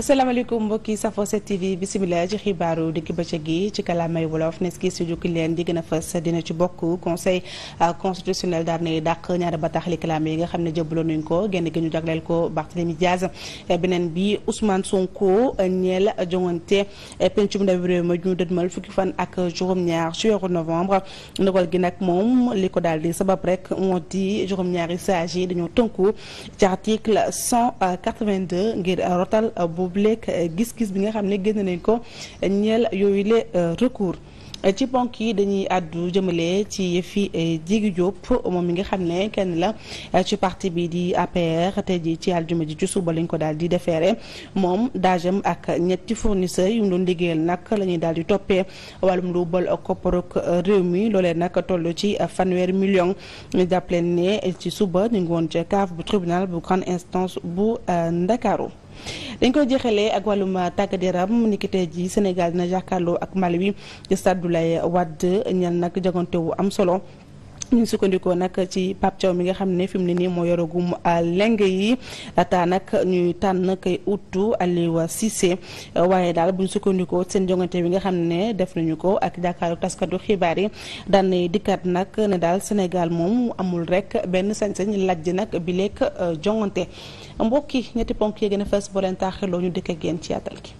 asalaamaaleykum mbokki safo 7TV bisimila ci xibaaru digg bëccëg gi ci kàllaamay wolof nes ki sujuk leen di gën a fës dina ci bokk conseil euh, constitutionnel daal nay dàq ñaari bataaxali kàllaame yi nga xam ne jëbaloon nañu ko génn gi ñu jagleel ko Barthélemy Diaz euh, beneen bi Ousmane Sonko euh, ñeel jongante pencum ndawi réew ma ñu dëdmal fukki fan ak juróom-ñaar ci weeru novembre ndogal gi nag moom li ko daal di sabab rek moo di juróom-ñaari sages yi dañoo tënku ci article 182 ngir rotal bu boobuleeg euh, gis-gis bi nga xam ne génn nañ ko ñeel yooyule le euh, recours ci ponk yi dañuy àddu jëmale ci yëfi euh, Djiby Diop moom mi nga xam ne kenn la ci parti bi di APR te ji ci aljuma ji ci suba lañ ko daal di defeere moom dajem ak ñetti fournisseurs yu mu doon liggéeyal nag la ñuy daal di toppee wàllum lu bal kopparuk réew mi loolee nag toll ci fanweer million ñu jàpp leen ne ci suba ñu ngi ca CAF bu tribunal bu grande instance bu Ndakaaru dañ koy jeexalee ak wàllum tàggat yaram niki tey ji Sénégal na jàkkaarloo ak Malawi ci stade lay Wade ñel nag jagante wu am solo ñu sukkandikoo nag ci Pape Thiaw mi nga xam ne fi mu ne nii moo yoragum euh, leng yi laata nag ñuy tànn kay uttu wa Cissé euh, waaye daal bu sukkandikoo seen jongante bi nga xam ne def nañu ko ak jàkkaaru taskatu xibaar yi daan dikkat nag ne daal Sénégal moom amul rek benn sañ-sañ lajj nag bi lekk euh, jongante mbokk yi ñetti ponk yi gën a fës boo leen taaxirloo ñu dëkk ak yéen ci yaatal gi.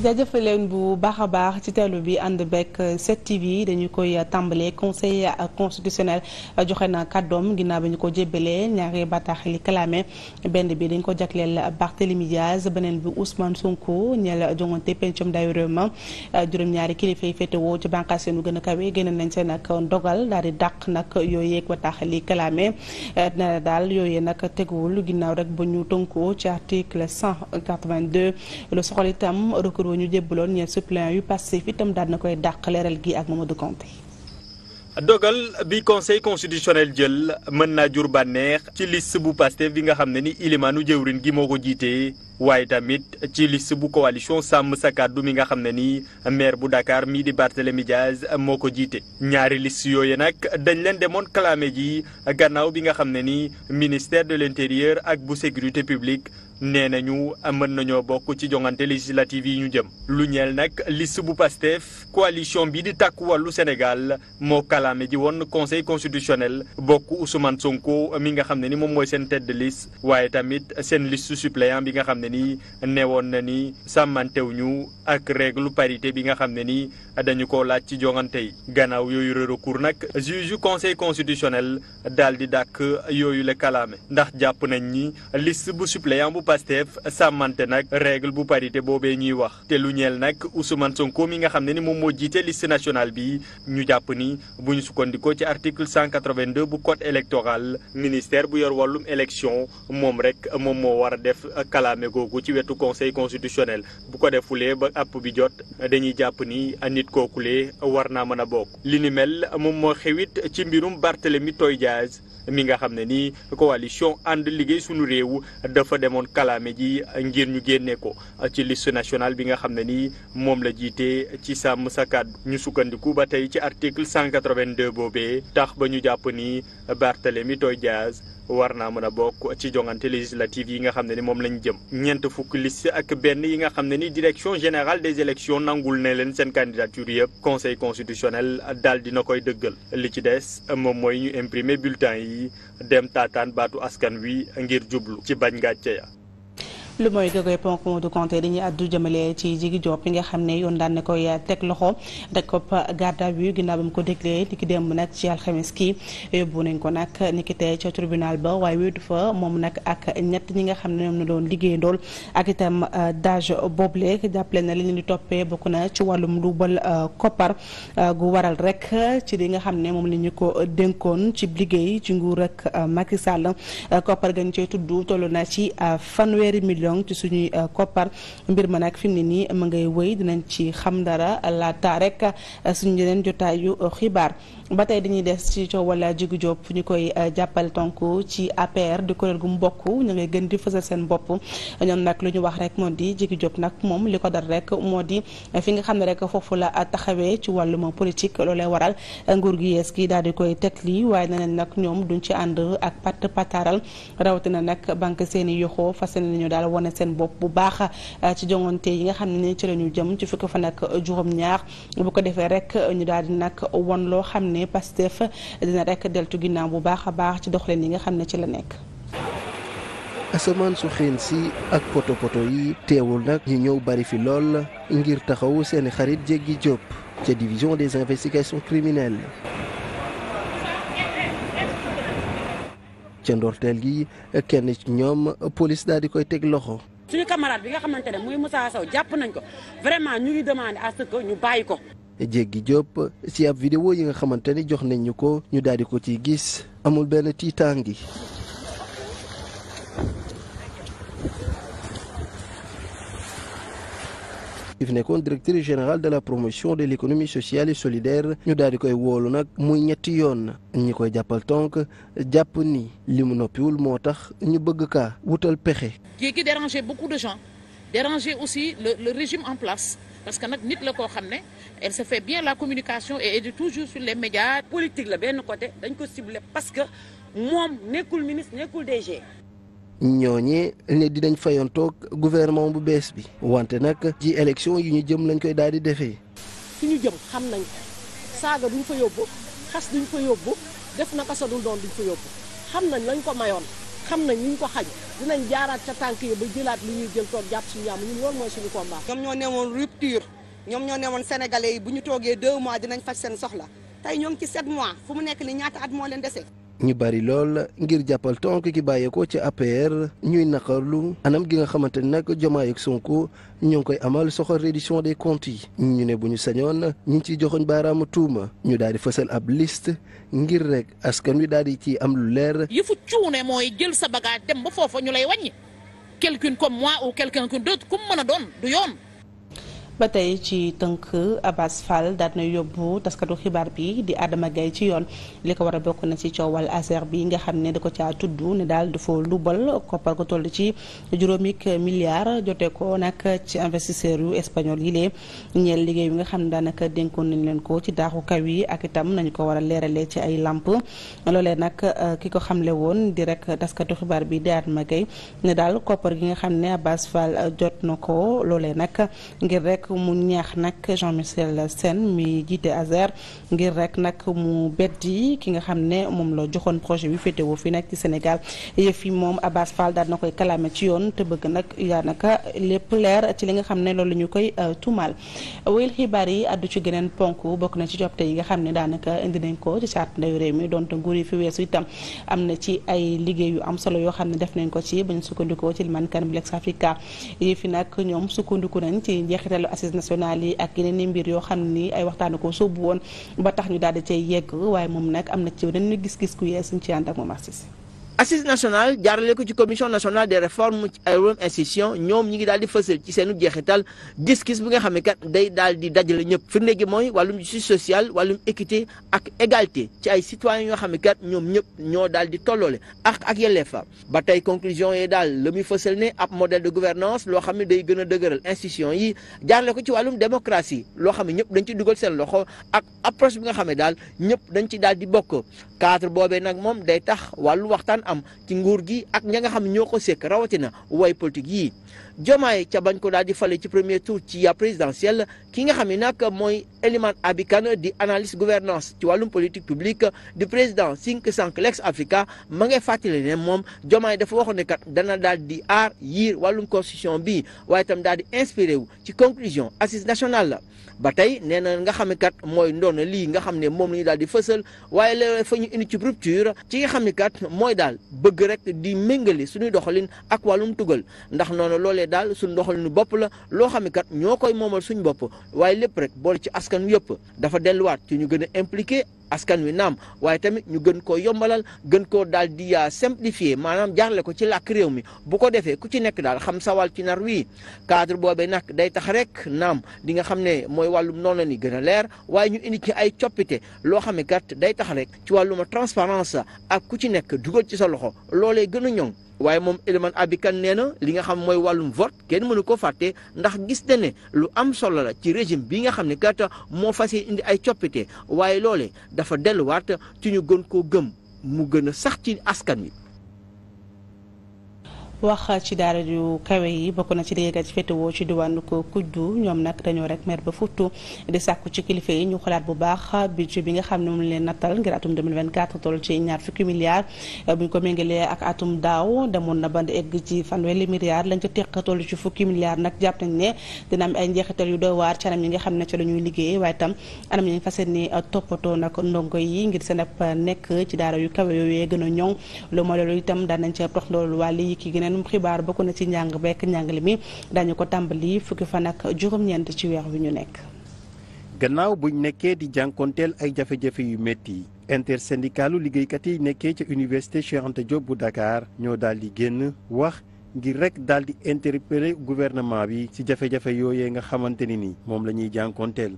jaajëfal leen bu baax a baax ci teelu bi ànd bekk 7TV dañu koy tàmbalee conseil constitutionnel joxe na kàddoom ginnaaw bi ñu ko jébbalee ñaari bataax li clamé benn bi dañ ko jagleel Barthélémy Diaz beneen bi Ousmane Sonko ñeel jongante pencum dayu réew ma juróom-ñaari kilifa yi féetewoo ci bànqaas seenu gën a kawe génne nañ seen ak ndogal daal di dàq nag yooyu yeeg bataax li clamé na daal yooyu nag teguwul ginnaaw rek ba ñu tënkoo ci article 182 wa ñu jébbaloon ñeent suppléants yu passé fi itam daan na koy dàq leeral gi ak Mamadou Conté. dogal bi conseil constitutionnel jël mën naa jur bànneex ci list bu Pastef bi nga xam ne ni ilimaanu jëwrin gi moo ko jiitee waaye tamit ci list bu coalition sàmm sa kàddu mi nga xam ne ni maire bu Dakar mii di Barthélémy Diaz moo ko jiite ñaari list yooyu nag dañ leen demoon clamé ji gannaaw bi nga xam ne ni ministère de l'intérieur ak bu sécurité publique nee nañu mën nañoo bokk ci jongante législative yi ñu jëm lu ñel nag list bu Pastef coalition bi di tàkk wàllu Sénégal moo kalaame ji woon conseil constitutionnel bokk Ousmane Sonko mi nga xam ne ni moom mooy seen tête de liste waaye tamit seen liste suppléant bi nga xam ne ni neewoon na ni ñu ak règle parité bi nga xam ne ni dañu ko laaj ci joŋante yi gannaaw yooyu le recours nag juge conseil constitutionnel daal di dàkk yooyu la kalaame ndax jàpp nañ ni liste bu suppléant bu Pastef sàmmante nag règle bu parité boobee ñuy wax te lu ñeel nag Ousmane Sonko mi nga xam ne ni moom moo jiite liste nationale bi ñu jàpp ni bu ñu sukkandikoo ci article 182 bu code électoral ministère bu yor wàllum élection moom rek moom moo war a def kalaame googu ci wetu conseil app bi jot dañuy jàpp ni nit kookule war naa mën a bokk. li ni mel moom ma xewit ci mbirum Barthélemy Toye Dias mi nga xam ne ni coalition ànd liggéey sunu réew dafa demoon kalaame ji ngir ñu génne ko ci liste national bi nga xam ne ni moom la jiite ci sàmm sa kàddu ñu sukkandiku ba tey ci article 182 boobee tax ba ñu jàpp ni Barthélemy Toye Dias war naa mën a bokk ci jongante législative yi nga xam ne ni moom lañu jëm ñeent fukki liste ak benn yi nga xam ne ni direction général des élections nangul ne leen seen candidature yëpp conseil constitutionnel daal dina koy dëggal li ci des moom mooy ñu imprimer bulletin yi dem taataan baatu askan wi ngir jublu ci bañ gàcce ya lu mooy gëgëy ponk Modou Konté dañuy àddu jëmale ci Jigi Diop bi nga xam ne yoon daan na koy teg loxo teg ko garde à vue ginnaaw ba mu ko déglee ni ki démb nag ci alxames ki yóbbu nañ ko nag ni ki tey ca tribunal ba waaye wéetu fa moom nag ak ñett ñi nga xam ne ñoom na doon liggéeyandool ak itam euh, dage boobule jàppale na li ñu di toppee bokk na ci wàllum luubal euh, koppar euh, gu waral rek ci li nga xam ne moom la ko dénkoon ci liggéey ci nguur ak ma Sall koppar gañ cey na ci fanweeri million millions ci suñuy euh, koppar mbir ma nag fi mu ne nii ma ngay wëy dinañ ci xam dara laata rek euh, suñu yeneen jotaayu xibaar ba tey dañuy des ci coowal Djiby fu ñu koy euh, jàppale tonk ci APR di kuréel gu mu bokk ñu ngay gën di fësal seen bopp ñoom nag lu ñu wax rek moo di Djiby Diop nag moom li ko dar rek moo di fi nga xam ne rek foofu la taxawee ci wàllum politique loolee waral nguur gi yees gi daal di koy teg lii waaye na nag ñoom duñ ci ànd ak pat pataaral rawatina nag banque seeni yoxoo fas nañu daal ne seen bopp bu baax euh, ci jongante yi nga xam ne ni ci la ñu jëm ci fukki fa ak euh, juróom-ñaar bu ko defee rek euh, ñu daal di nag won loo xam ne Pastef dina rek deltu ginnaaw bu baax a baax ci doxalin yi nga xam ne ci la nekk. asamaan su xeen si ak poto poto yi teewul nag ñi ñëw bari fi lool ngir taxawu seeni xarit jéggi Diop ca division des investigations criminelles. ca ndorteel gi kenn ci ñoom police daal di koy teg loxo. suñu camarade bi nga xamante ne muy Moussa Sow jàpp nañ ko vraiment ñu ngi demandé à ce ñu bàyyi ko. jéggi Diop ci ab vidéo yi nga xamante ni jox nañ ñu ko ñu daal di ko ciy gis amul benn tiitaangi. bi fi nekkoon directrice générale de la promotion de l' économie sociale et solidaire ñu daal di koy woolu nag muy ñetti yoon ñi koy jàppal tonk jàpp ni li mu noppiwul moo tax ñu bëgg kaa wutal pexe. kii ki déranger beaucoup de gens déranger aussi le le régime en place parce que nag nit la koo xam ne elle se fait bien la communication et est toujours sur les médias. politique la benn côté dañ ko ciblé parce que moom nekkul ministre nekkul DG. ñooñi ne dinañ toog gouvernement bu bees bi wante nag ji élection yi ñu jëm lañ koy daal di defee. su ñu jëm xam nañ saaga duñ fa yóbbu xas duñ fa yóbbu def naka sa dul doon duñ fa yóbbu xam nañ lañ ko mayoon xam nañ ñu ko xañ dinañ jaaraat ca tànk yi ba jëlaat li ñuy jël toog jàpp suñu yàmm ñun loolu mooy suñu combat. ñoom ñoo newoon rupture ñoom ñoo newoon sénégalais yi bu ñu toogee deux mois dinañ faj seen soxla tey ñoo ngi ci sept mois fu mu nekk ni ñaata at moo leen dese. ñu bari lool ngir jàppal tonk gi ki bàyyeekoo ci APR ñuy naqarlu anam gi nga xamante ne nag Diomaye ak Sonko ñu ngi koy amal soxal reddition des comptes yi ñu ne bu ñu sañoon ñu ngi ciy joxoñ baaraamu tuuma ñu daal di fësal ab list ngir rek askan wi daal di ci am lu leer. yëfu cuune mooy jël sa bagage dem ba foofa ñu lay wàññi quelqu'un comme moi ou quelqu'un d'autre ku mën a doon du yoon. ba tey ci tënk Abass Fall daal na yóbbu taskatu xibaar bi di Adama Gaye ci yoon li ko war a bokk na ci coowal ASER bi nga xam ne da ko caa tudd ne daal dafa lubal koppar ko toll ci juróomi milliards jotee ko nag ci investisseurs yu espagnol yi lee ñeel liggéey bi nga xam ne daanaka dénkoon nañ leen ko ci daaxu kaw yi ak itam nañu ko war a leeralee ci ay làmp loolee nag euh, ki ko xamle woon di rek taskatu xibaar bi di Adama Gaye ne daal koppar gi nga xam ne Abass jot na ko loolee nag ngir rek mu ñaax nag Jean-Michel Sène mi jiite ASER ngir rek nag mu yi ki nga xam ne moom la joxoon projet bi féetewoo fi nag ci Sénégal yëf moom Abass Fall daal na koy kalaame ci yoon te bëgg nag daanaka lépp leer ci li nga xam ne loolu la ñu koy euh, tuumaal wéyal xibaar yi àddu ci geneen ponk bokk na ci jopte yi nga xam ne daanaka indi nañ ko ci charte ndaw réew mi donte nguur yi fi weesu itam am na ci ay liggéey yu am solo yoo xam ne def nañ ko ci ba sukkandikoo ci limankan bi Lex Africa assises nationales yi ak yeneen i mbir yoo xam ni ay waxtaane ko sóobu woon ba tax ñu daal di cay yegg waaye moom nag am na ci yeneen gis-gis ku yees suñ ci ànd ak moom assise nationale jaarale ko ci commission nationale des réformes ci ay réformes institution ñoom ñi ngi daal di fësal ci seenu jeexital gis-gis bu nga xam ne kat day daal di dajale ñëpp firnde gi mooy wàllum justice sociale wàllum équité ak égalité ci ay citoyens yoo xam ne kat ñoom ñëpp ñoo daal di tolloole ak ak yelleefam ba tey conclusion yi daal la muy fësal ne ab modèle de gouvernance loo xam ne day gën a dëgëral institution yi jaarale ko ci wàllum démocratie loo xam ne ñëpp dañ ci dugal seen loxo ak approche bi nga xam ne daal ñëpp dañ ci daal di bokk cadre boobee nag moom day tax wàllu am ci nguur gi ak ña nga xam ñoo ko sekk rawatina way politique yii Diomaye ca bañ ko daal di fale ci premier tour ci ya présidentielle ki nga xam ne nag mooy Eliman Abikane di analyse gouvernance ci wàllum politique publique di président cinq cinq Lex Africa ma ngay fàttali ne moom Diomaye dafa waxoon ne kat dana daal di aar yiir wàllum constitution bi waaye itam daal di inspiré wu ci conclusion assise national la ba tey nee na nga xam ne kat mooy ndoon lii nga xam ne moom la ñu daal di fësal waaye léeg fa ñu indi ci rupture ci nga xam ne kat mooy daal bëgg rek di méngale suñuy doxalin ak wàllum tugal ndax noonu loolee daal suñu doxalinu bopp la loo xam ne kat ñoo koy moomal suñu bopp waaye lépp askan wi yëpp dafa delluwaat ci ñu gën a impliqué askan wi naam waaye tamit ñu gën koo yombalal gën koo daal di yaa euh, simplifier maanaam jaarle ko ci làkk réew mi bu ko defee ku ci nekk daal xam sa sawal ci nar wii cadre boobee nag day tax rek naam di nga xam ne mooy wàllum noonu la ni gën a leer waaye ñu indi ci ay coppite loo xam ne kat day tax rek ci wàllum transparence ak ku ci nekk dugal ci sa loxo loolee gën a ñoŋ waaye moom Eliman kan nee na li nga xam mooy wàllum vote kenn mënu ko fàtte ndax gis na ne lu am solo la ci régime bi nga xam ne kat moo fas indi ay coppite waaye loole dafa delluwaat ci ñu gën koo gëm mu gën a sax ci askan wi. wax ci daara yu kawe yi bokk na ci liggéeykat ci féetewoo ci diwaanu ko kujdu ñoom nag dañoo rek mer ba futtu di sàkku ci kilifa yi ñu xalaat bu baax budget bi nga xam ne moom leen nattal ngir atum 2024 toll ci ñaar fukki milliards bu ñu ko méngalee ak atum daaw demoon na ba egg ci fanweeri milliards lañ ca teq toll ci fukki milliards nag jàpp nañ ne dina am ay njeexital yu doy waar ci anam yi nga xam ne ca la ñuy liggéey waaye tam anam yi ñu fas yéene toppatoo nag ndongo yi ngir seen nekk ci daara yu kawe yooyu gën a ñoŋ lu mooy loolu meenum xibaar bokk na ci njàng bekk njàngale mi dañu ko tàmbali fukki fan ak juróom-ñeent ci weer wi ñu nekk. gannaaw buñ nekkee di jànkoonteel ay jafe-jafe yu métti intersyndicalu liggéeykat yi nekkee ca université Cheikh Anta Diop bu Dakar ñoo daal di génn wax. ngir rek daal di interpeller gouvernement bi ci jafe-jafe yooyee nga xamante ni ni moom la ñuy jànkoonteel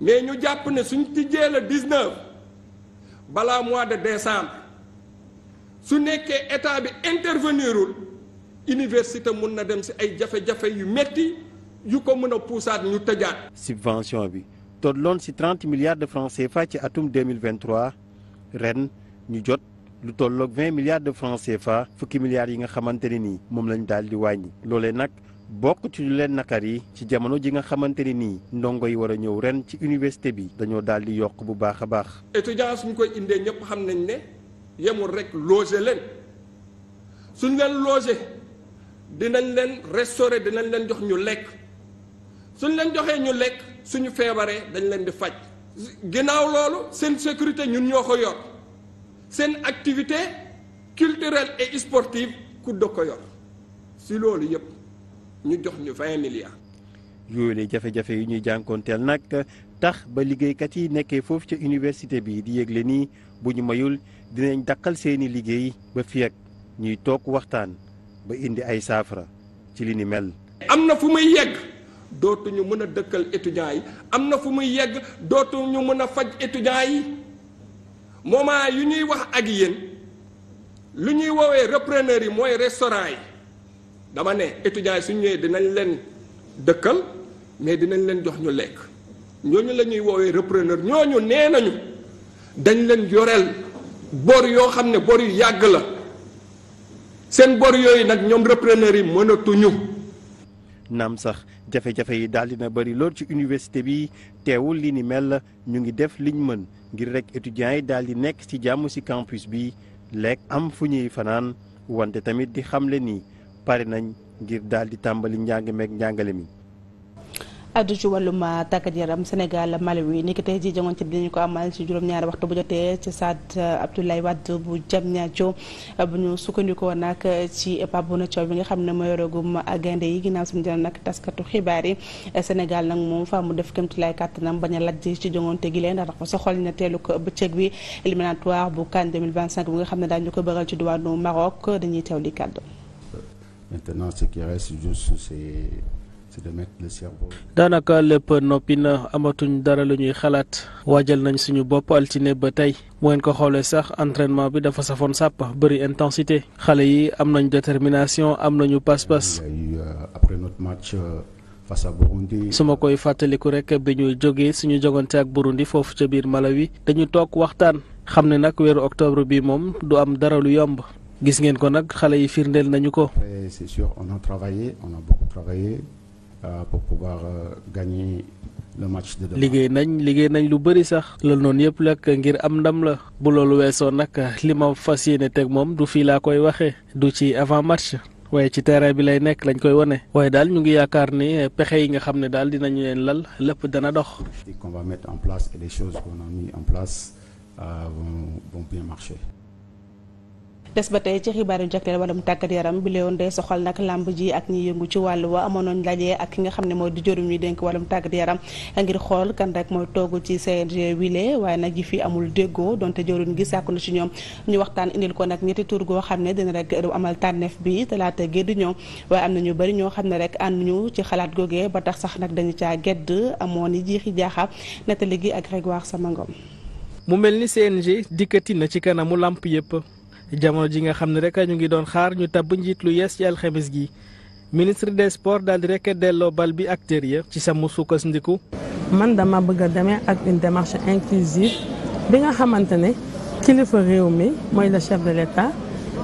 mais ñu jàpp ne suñ tijjee la 19 balaa mois de décembre su nekkee état bi intervenirul université mun na dem si ay jafe-jafe yu metti yu ko mën a puusaat ñu tëjaat. subvention bi tolloon si trente milliards de francs CFA ci atum deux mille vingt ren ñu jot lu tolloog vingt milliards de francs CFA fukki milliards yi nga xamante ne nii moom lañ daal di wàññi. loolee nag bokk ci lu leen nakar yi ci jamono ji nga xamante ne nii ndongo yi war a ñëw ren ci université bi dañoo daal di yokk bu baax a baax. étudiants suñ koy indee ñëpp xam nañ ne yemul rek loger leen suñ leen loger. dinañ leen restaurer dinañ leen jox ñu lekk suñ leen joxee ñu lekk suñu feebaree dañ leen di faj ginnaaw loolu seen sécurité ñun ñoo ko yor seen activité culturelle et sportive ku da ko yor si loolu yëpp ñu jox ñu vingt milliards. yooyu la jafe-jafe yu ñuy jànkoonteel nag tax ba liggéeykat yi nekkee foofu ca université bi di yëgle nii bu ñu mayul dinañ dàqal seeni liggéey ba fi ak ñuy toog waxtaan. ba indi ay saafara ci li ni mel. am na fu muy yegg dootuñu mën a dëkkal étudiants yi am na fu muy yegg dootuñu mën a faj étudiants yi moment yu ñuy wax ak yéen lu ñuy woowee repreneurs yi mooy restaurant yi dama ne étudiants yi su ñëwee dinañ leen dëkkal mais dinañ leen jox ñu lekk ñooñu la ñuy woowee repreneur ñooñu nee nañu dañ leen yoreel bor yoo xam ne bor yu yàgg la. seen bor yooyu nag ñoom repreneur yi mënatuñu. naam sax jafe-jafe yi daal na bëri lool ci université bi teewul li ni mel ñu ngi def liñ mën ngir rek étudiants yi daal di nekk ci jàmm ci campus bi lekk am fu ñuy fanaan wante tamit di xamle ni pare nañ ngir daal di tàmbali njàng meek njàngale mi. addu ci wàllum ah, tàggat yaram Sénégal Malawi ni ki tey ji jongante bi dinañu ko amal ci juróom-ñaari waxtu bu jotee ci stade ah, Abdoulaye Wade bu Diamniadio ah, bu ñu sukkandikoo nag ci Pape Bouna bi nga xam ne moo yoregum gaynde yi ginnaaw seen jël nag taskatu xibaar yi Sénégal nag moom mu def kémtu lay kàttanam bañ a lajj ci jongante gi leen ndax na teelu ko bëccëg bi éliminatoire bu CAN 2025 bi nga xam ne daañu ko bëral ci diwaanu Maroc dañuy teew li kàddu maintenant ce c'est daanaka lépp noppi na amatuñ dara lu ñuy xalaat waajal nañ suñu bopp altine ba tey bu ngeen ko xoolee sax entraînement bi dafa safoon sàpp bari intensité xale yi am nañ détermination am nañu pas-pas. Euh, après notre match. Euh, su ma koy fàttaliku rek bi ñu jógee suñu jogante ak Burundi foofu ca biir Malawi dañu toog waxtaan xam ne nag weeru octobre bi moom du am dara lu yomb gis ngeen ko nag xale yi firndeel nañu ko. c'est Euh, pour pouvoir euh, gagner le match liggéey nañ liggéey nañ lu bëri sax loolu noonu yëpp nag ngir am ndam la bu loolu weesoo nag li ma fas yéene teg moom du fii laa koy waxee du ci avant match. waaye ci terrain bi lay nekk lañ koy wane. waaye daal ñu ngi yaakaar ni pexe yi nga xam ne daal dinañu leen lal lépp dana dox. qu'on en place et les choses qu'on a mis des ba tey ci xibaaru jagleel wàllum tàggat yaram bi léewoon day soxal nag làmb ji ak ñi yëngu ci wàll wa amoonoon lajee ak ki nga xam ne mooy di jërum ñuy dénk wàllum tàggat yaram ngir xool kan rek mooy toogu ci CNG wile waaye nag yi fi amul déggoo donte jëruñ gi sàkku na ci ñoom ñu waxtaan indil ko nag ñetti tur goo xam ne dina rek amal tànneef bi talaata gee di ñëw waaye am na ñu bëri ñoo xam ne rek ànd ñu ci xalaat googee ba tax sax nag dañu caa gedd amoon yi jiixi jaaxa nettali gi ak Grégoire Samangom mu mel ni CNG dikkati na ci kanamu làmp yëpp jamono ji nga xam ne rek ñu ngi doon xaar ñu tabb njiit lu yees ci alxames gi ministre des sports daal di delloo bal bi acteur ya ci samu sukkas ndiku man dama bëgg a demee ak un démarche inclusive bi nga xamante ne kilifa réew mi mooy la chef de l'État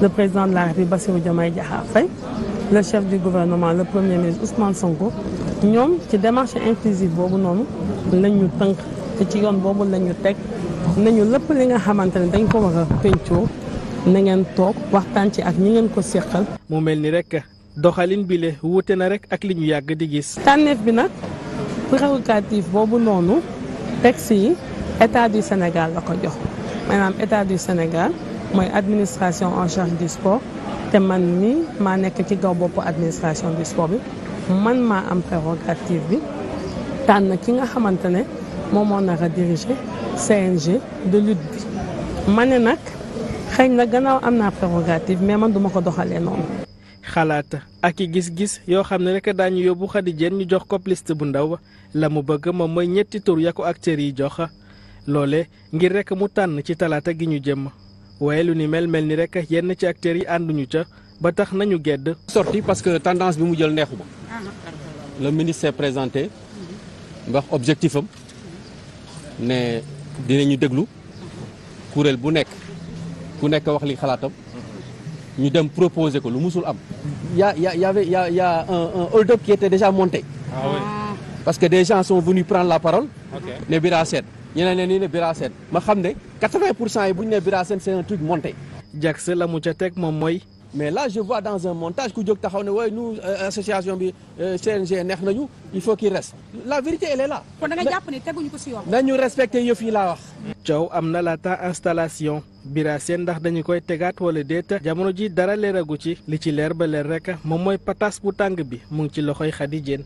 le président de la République Bassirou Diomaye Diakhar Faye la chef du guvernement la premier ministre Ousmane Sonko ñoom ci démarché inclusive boobu noonu lañ ñu tënk te ci yoon boobu lañ ñu teg nañu lépp li nga ne dañ ko na ngeen toog waxtaan ci ak ñi ngeen ko séqal mu mel ni rek doxalin bile wuute na rek ak li ñu yàgg di gis. tànneef bi nag prérogative boobu noonu texte yi état du Sénégal la ko jox maanaam état du Sénégal mooy administration en charge du te man mi maa nekk ci kaw bopp administration du bi man maa am prérogative bi tànn ki nga xamante ne moom moo nar a diriger CNG de lutte bi ma nag. xëy na gannaaw am naa prérogative mais man duma ko doxalee noonu. xalaat ak i gis-gis yoo xam ne rek daañu yóbbu Khady Diène ñu jox ko bu ndaw la mu bëgg moom mooy ñetti tur ya ko acteurs yi jox loole ngir rek mu tànn ci talaata gi ñu jëm waaye lu ni mel mel ni rek yenn ci acteurs yi ànd ànduñu ca ba tax nañu gedd. sorti parce que tendance bi mu jël neexu la le ministre présenté wax objectif am ne dinañu déglu kuréel bu nekk. ku nekk wax li xalaatam ñu dem proposer ko lu musul am y'a y'a y'a y'a un un hold-up qui était déjà monté ah parce que des gens sont venus prendre la parole ne Bira Sène ñeneen ne nii ma xam ne 80 pour cent yi bu ñu ne Bira Sène c'est un truc monté la mu teg moom mooy mais là je vois dans un montage ku jóg taxaw ne waaye nous euh, association bi euh, CNG neex nañu il faut qu'il reste la vérité elle est là. kon da nga jàpp ne teguñu ko ci yoon. nañu respecté yëf laa wax. coow am na la laata installation. Bira Sène ndax dañu koy tegaat wala déet jamono ji dara leeragu ci li ci leer ba leer rek moom mooy pataas bu tàng bi mu ngi ci loxoy Khady Diène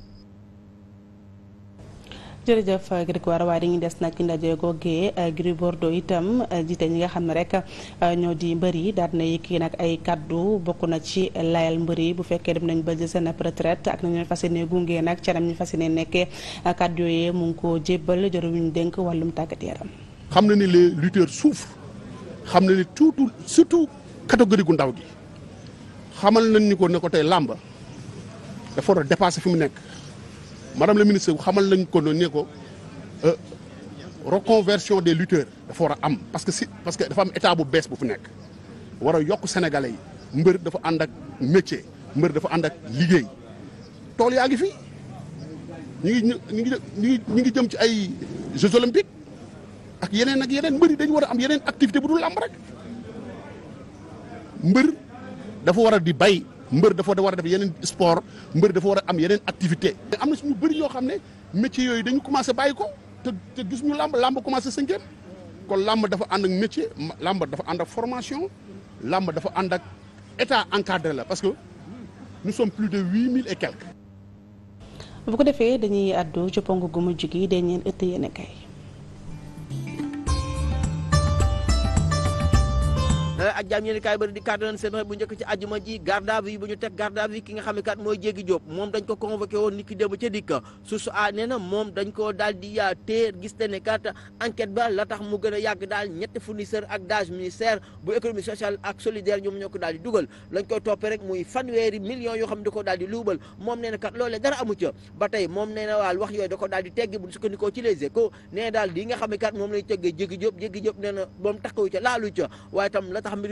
jërëjëf Grégoire waaye dañuy des nag ci ndaje googee Gris Bordeaux itam jiite ñi nga xam ne rek ñoo di mbër yi daal na yëkki nag ay kaddu bokk na ci layal mbër yi bu fekkee dem nañ ba jël seen retraite ak nañu fas ne gunge nag canam ñu fas yéene nekkee kaddu yooyu mu ngi ko jébbal jëruñu dénk ñu dénk yaram. xam na xam na ni tuutu surtout catégorie gu ndaw gi xamal nañ ni ko ne tey làmb dafa war a dépassé fi mu nekk madame la ministre xamal nañ ko ne ko euh, reconversion des lutteurs dafa war a am parce que si parce que dafa am état bu bees bu fi nekk war a yokk sénégalais yi mbër dafa ànd ak métier mbër dafa ànd ak liggéey tool yaa ngi fi ñu ngi ñu ngi ñu ngi jëm ci ay Jeux olympiques. ak yeneen ak yeneen mbër yi dañu war a am yeneen activité bu dul làmb rek mbër dafa war a di bay mbër dafa war a def yeneen sport mbër dafa war a am yeneen activité am na si suñu bëri yoo xam ne métiers yooyu dañu commencé bàyyi ko te te gis ñu làmb làmb commencé sënkeem kon làmb dafa ànd ak métier làmb dafa ànd ak formation làmb dafa ànd ak état encadré la parce que nous sommes plus de huit mille et quelques. bu ko defee dañuy àddu ci ponk gu mujj gi dañu leen ëtt yéen kay. ak jaam yéen kaay bëri di kàddalan seen xët bu njëkk ci ajuma ji garde à vue bu ñu teg garde à vue ki nga xam ne moom a nee na moom dañ koo ah, ne kat enquête ak dage ministère bu économie sociale ak solidaire ñoom ko daal di dugal lañ koy toppee rek yoo xam ne da ko daal di luubal moom nee na kat loolee dara wax yooyu da ko daal di teggi bu sukkandikoo ci les échos nee daal li nga xam ne jéggi jéggi jóob nee moom takkawu ca laalu ca waaye tam la tax mbir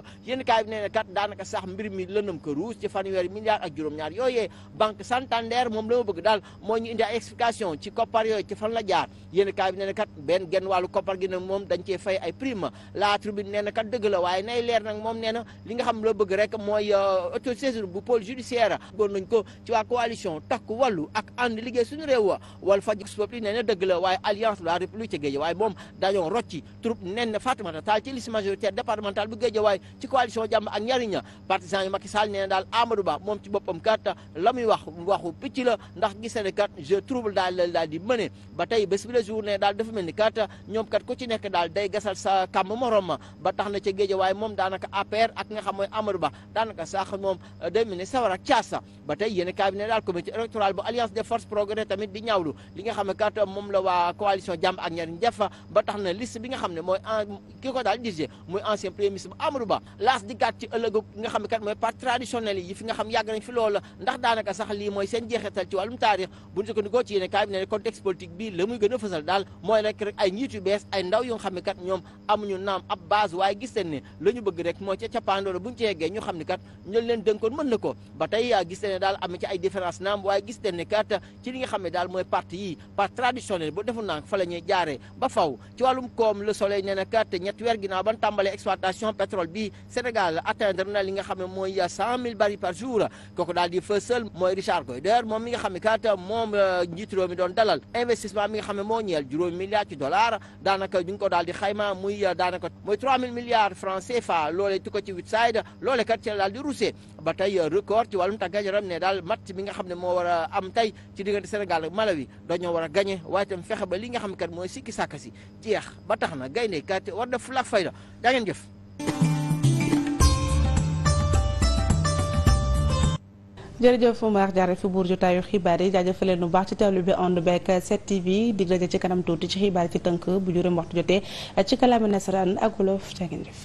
BCEAO kaay bi nee na kat daanaka sax mbir mi lëndëm ko ruus ci fanweeri milliards ak juróom-ñaar yooyee banque Santander moom la bëgg daal moom dañ fay ay prime la tribune nee kat dëgg la waaye nay leer nag moom nee na xam la bëgg rek mooy euh, autosaisine bu pôle judiciaire goon nañ wa wala dëgg la waaye alliance de la république ci géej waaye moom dañoo rocci troupe nen na Fatoumata ci liste majoritaire départementale bu géej taxawaay ci coalition jàmm ak njariñ partisan yu Macky Sall nee na daal Amadou Ba moom ci day gasal sa morom ma ba na ca géej waaye moom daanaka APR ak nga xam mooy Amadou Ba ba a ne daal comité électoral bu alliance des forces progrès tamit di na liste bi nga xam ne mooy ki ko daal dirigé muy ancien premier ministre Amadou Ba laas di gàtt ci ëllëgu nga xam kat mooy parti traditionnel yi fi nga xam yàgg fi loolu la ndax daanaka sax lii mooy seen jeexetal ci wàllum taarix bu ñu sukkandikoo ci yéene kaay bi ne contexte politique a kat ñoom amuñu naam ab base waaye gis nañ ne la bëgg rek mooy ca cappaandoor bu ñu ci ñu xam kat ñu leen dënkoon mën na ko ba tey ah, gis nañ ne daal am ci ay différence naam waaye gis nañ ne kat ci li nga daal mooy parti yi parti traditionnel bu defu bi Sénégal atteindre na li nga xam ne mooy cent mille barils par jour kooku daal di fësal mooy Richard Goyder moom mi nga xam ne kat moom euh, njiitu réew mi doon dalal investissement mi nga xam ne moo ñeel juróomi milliards ci dollars daanaka ñu ngi ko daal di xayma muy euh, daanaka mooy trois mille milliards francs CFA loolee tu ko ci Woodside loolee kat ci la daal di rousser ba tey euh, record ci wàllum tàggat yaram ne daal mat bi nga xam ne moo war a am tey ci diggante Sénégal ak Malawi dañoo war a gagné waaye itam ba li nga xam ne kat mooy sikki sàkka si jeex ba tax na gaynde kat war na fulaak fayda daa ngeen jëf jërëjëf Oumar Diarra fi buur jotaayu xibaar yi jaajëfaleen bu baax ci teewlu bi ànd beeg 7TV dig daje ci kanam tuuti ci xibaar ci tënk bu juróom waxtu jotee ci kàllaama nasaraan ak wolof jaa ngeen jëf